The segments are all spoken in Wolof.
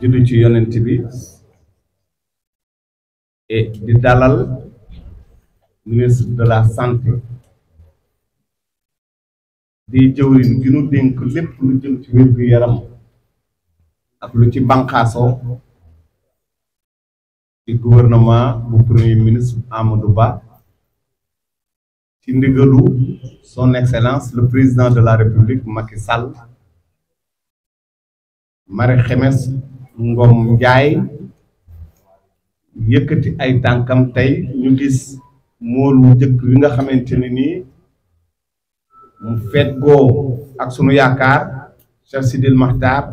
ci yonent et di dalal ministre de la santé di gouvernement bu premier ministre Amadou Ba son excellence le président de la république Macky Sall Ngom Njaay yëkkati ay tànkam tey ñu gis mool wu njëkk wi nga xamante ne nii mu feet goo ak sunu yaakaar Cheikh Sidil Maxtaar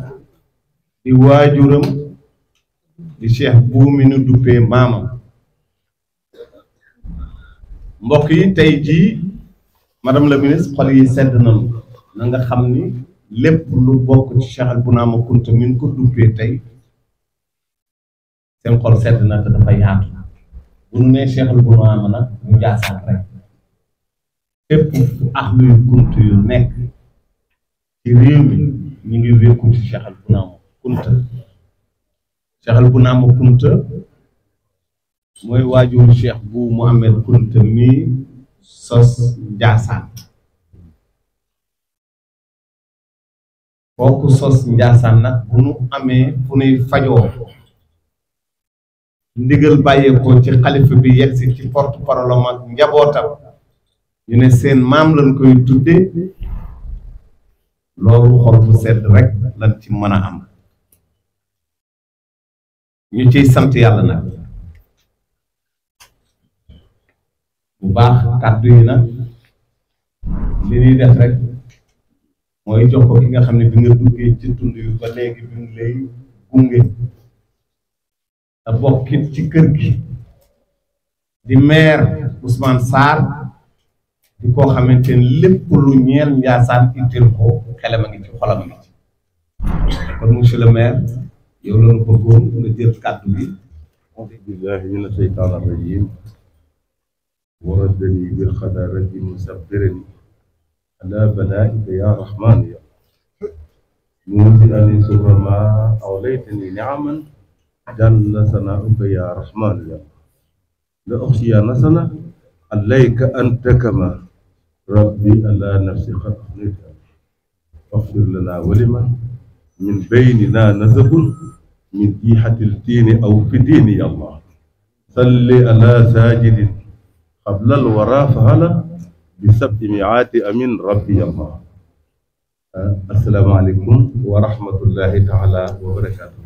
di waajuram di Cheikh buumi nu duppee maamam mbokk yi tey jii madame la ministre xol yi sedd nañu na nga xam ni lépp lu bokk ci Cheikh Albounama Kounta min ko duppee tey seen xol sedd na te dafa yaatu bu ñu nee Cheikhul Bourama nag mu jaasaan rek fépp fu ahluy kunt yu nekk ci réew mi ñu ngi wékku ci Cheikhul Bourama kunta Cheikhul Bourama kunta mooy waajur Cheikh bu Mohamed kunta mi sos njaasaan kooku sos njaasaan nag bu nu amee fu nuy fajoo ndigal bàyyeekoo ci xalifa bi yegg si ci porte parole am ak njabootam ñu ne seen maam lañ koy tudde loolu xol sedd rek lañ ci mën a am ñu ciy sant yàlla na bu baax kàddu yi nag li ñuy def rek mooy jox ko ki nga xam ne bi nga duggee ci tund yu ba léegi bi mu lay gunge bokkit ci kër gi di maire Ousmane Sarr di koo xamante ni lépp lu ñeel Ndiassane itteel ko xelam a ngi ci xolam ngi ci kon monsieur le maire yow la ñu bëggoon nga jël kàddu bi أعوذ بالله من الشيطان الرجيم وردني بالخدارة مسبرني على بلائك يا رحمن يا موزعني سر ما أوليتني نعما جل ثناؤك يا رحمن يا لا أخشي نسنا عليك أنت كما ربي على نفسي قد أخنيت أغفر لنا ولمن من بيننا نزب من ديحة التين أو في دين يا الله صل على ساجد قبل الورى فهلا بسبت ميعات أمين ربي يا الله أه، السلام عليكم ورحمة الله تعالى وبركاته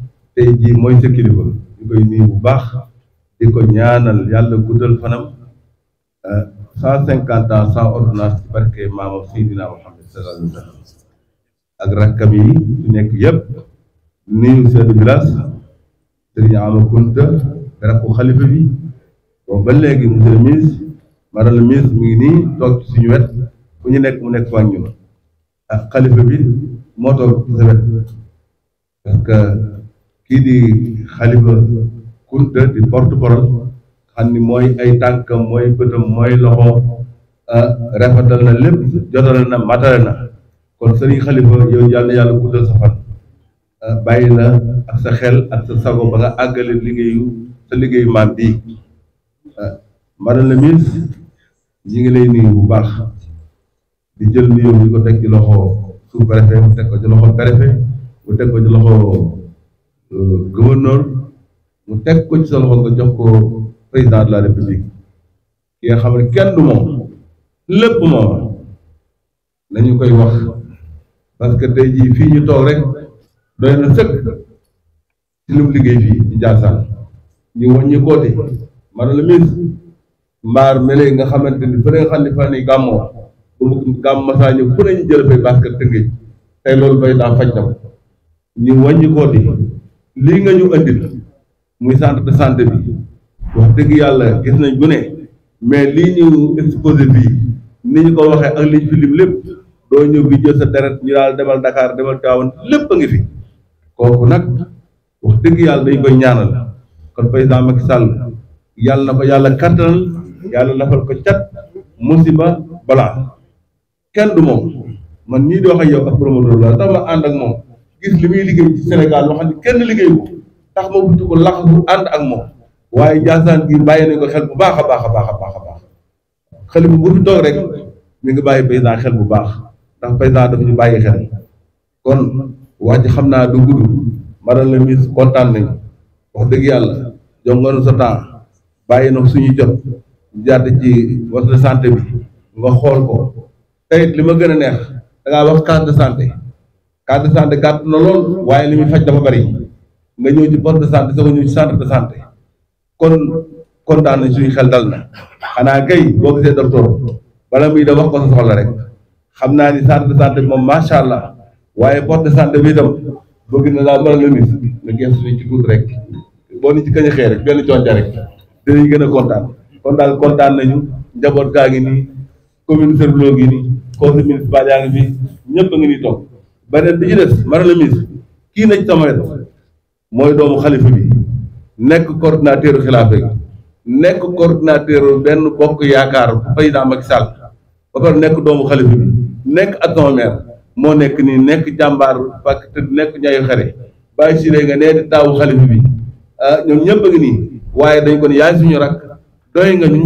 tey jii mooy sa kilifa koy nuyu bu baax di ko ñaanal yàlla guddal fanam euh, cent cinquante ans sans ordonnance barke maamam Seydina Muhammad sallallahu alayhi wa rakkam yi fi nekk yëpp nuyu chef de village Serigne Ama Kunta rakku xalifa bi bon ba léegi monsieur le ministre mu ngi nii toog ci suñu wet fu ñu nekk mu nekk wàññu ak ah, xalifa bi moo toog ci sa kii di xalifa Kunta di porte parole xam ni mooy ay tànkam mooy bëtam mooy loxo ah, rafetal na lépp jotal na matale na kon sëriñ xalifa yow yal yàlla guddal sa fan ah, bàyyi la ak sa xel ak sa sago ba nga àggale liggéeyu sa liggéeyu maam bii ah, madame la ñi ngi lay nuyu bu baax di jël nuyoo bi ko teg ci loxo sous-préfet mu teg ko ci loxo préfet mu teg ko ci loxo gouverneur mu teg ko ci sa loxo nga jox ko président de la république nga xam ne kenn du moom lépp moom nañu koy wax parce que tey jii fii ñu toog rek doy na sëkk ci lu mu liggéey fii ci Ndiassane ñu wàññi koo de madame le mbaar mele nga xamante ni fële nga xam ne fan yi gàmmoo bu mu ñëw fu ne ñu jël fay basket tëngëj tey loolu bay daa faj tam ñu wàññi koo lii nga ñu indi la muy centre de santé bi wax dëgg yàlla gis nañ bu ne mais lii ñu exposé bii ni ñu ko waxee ak lii fi lim lépp doo ñëw bi jël sa deret ñu daal demal Dakar demal Tivaouane lépp a ngi fi kooku nag wax dëgg yàlla dañ koy ñaanal kon président Macky Sall yàlla na ko yàlla kattanal yàlla lafal ko cat musiba balaa kenn du moom man ñii di wax ak yow ak promoteur la ma ànd ak moom gis li muy liggéey ci Sénégal loo xam kenn liggéey ko tax ma wuti ko lax bu ànd ak moom waaye Ndiassane gi bàyyi nañ ko xel bu baax a baax a baax a baax a baax xel bu bu fi toog rek mu ngi bàyyi paysan xel bu baax ndax paysan dafa ñu bàyyi xel kon wax ji xam naa du gudd madame la ministre kontaan nañ wax dëgg yàlla jongoonu sa temps bàyyi na suñu jot jàdd ci wàllu santé bi nga xool ko tey li ma gën a neex da ngaa wax case de santé. case de santé gàtt na lool waaye li muy faj dafa bari nga ñëw ci poste de santé soo ñëw ci centre de santé kontaan nañ suñu xel dal xanaa kay boo gisee docteur bala muy da wax ko sa rek xam naa ni centre de santé moom macha allah waaye poste de santé bi itam bëgg na laa a lëmis nga gis suñu ci boo ni ci kañ xee benn coonte rek dinañ gën a kon daal kontaan nañu njaboot gaa ngi nii commune serbloo ngi nii conseil municipal ngi fi ñëpp a ngi nii toog beneen bi ci des madame la ministre kii nañ sama wet mooy doomu xalifa bi nekk coordinateur xilaafa yi nekk coordinateur benn bokk yaakaar président Macky Sall ba pare nekk doomu xalifa bi nekk adjoint maire moo nekk nii nekk jàmbaar fàkk te nekk ñayu xare bàyyi si nga nee di taawu xalifa bi ah, ñoom ñëpp a ngi nii waaye dañ ko ne yaay suñu rak doy nga ñu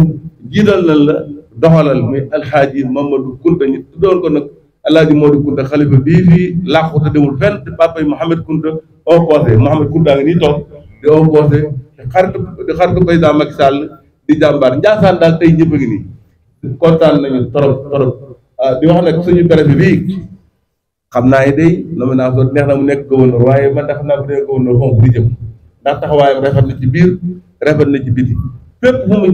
jiital nañ la doxalal muy alxaaji Mamadou Kounta ñu tuddoon ko nag El moo Modou Kounta xalifa bii fii làqu te demul fenn te papa yi Mouhamed Kounta au conseil Mouhamed Kounta a ngi nii toog di au di xaritu di xaritu président Macky di jàmbaar Ndiassane daal tey ñëpp a ngi nii kontaan nañu trop trop ah, di wax nag suñu préfet bii xam naa ne day nomination neex na mu nekk gouverneur waaye man ndax naa bu dee gouverneur foofu di jëm ndax taxawaayam rafet na ci biir na ci biti fépp fu mu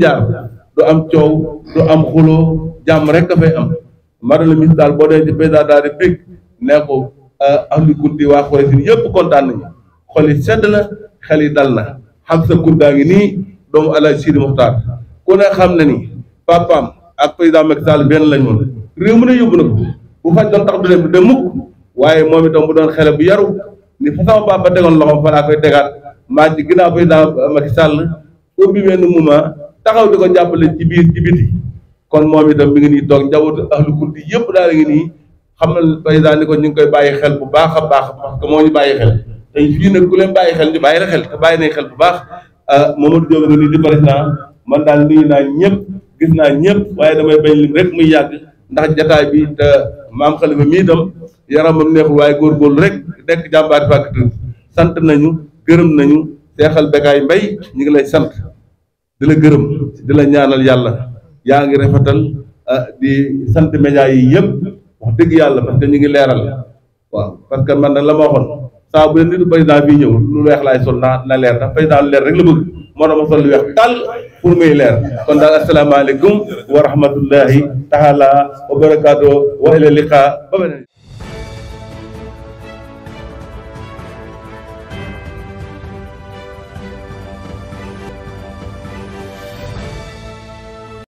du am coow du am xuloo jàmm rek a fay am. madame la daal boo dee ci président de la république ne ko euh, ahlu kunti waa Xurayshin yëpp kontaan nañu xol yi sedd na xel yi dal na xam sa kuntaa ngi nii doomu Alaaji Sidi Muxtaar ku ne xam na ni papaam ak président Macky Sall benn lañ woon réew mu a yóbbu na ko bu faj doon tax du dem du dem mukk waaye moom itam bu doon xele bu yaru ni fa sama papa tegoon loxoom fa laa koy tegaat maa ci ginnaaw président Macky Sall ubbi benn moment taxaw di ko jàppale ci biir ci kon moom itam mi ngi nii toog njabootu ahlu kurdi yëpp daal ngi nii xam na président ni ko ñu ngi koy bàyyi xel bu baax a baax parce que moo ñu bàyyi xel te nag ku leen bàyyi xel ñu bàyyi la xel te bàyyi nañ xel bu baax ah, Mamadou Diop nga nii di président man daal nuyu naa ñëpp gis naa ñëpp waaye damay bañ lim rek muy yàgg ndax jataay bi te maam Khalifa mii itam yaramam neexul waaye góor góorgóorlu rek nekk jàmbaari fàkkatur sant nañu gërëm nañu seexal bekaay mbay ñu ngi lay sant di la gërëm di la ñaanal yàlla yaa ngi rafetal ah, di sant média yi yëpp wax dëgg yàlla parce que ñu ngi leeral waaw parce que man nag la ma waxoon saa bu leen nitu président bii ñëw lu weex lay sol naa na leer ndax président lu leer rek la bëgg moo tax sol lu weex tàll pour muy leer kon daal asalaamaaleykum wa rahmatullahi taala wa barakaatu wa ila liqa ba beneen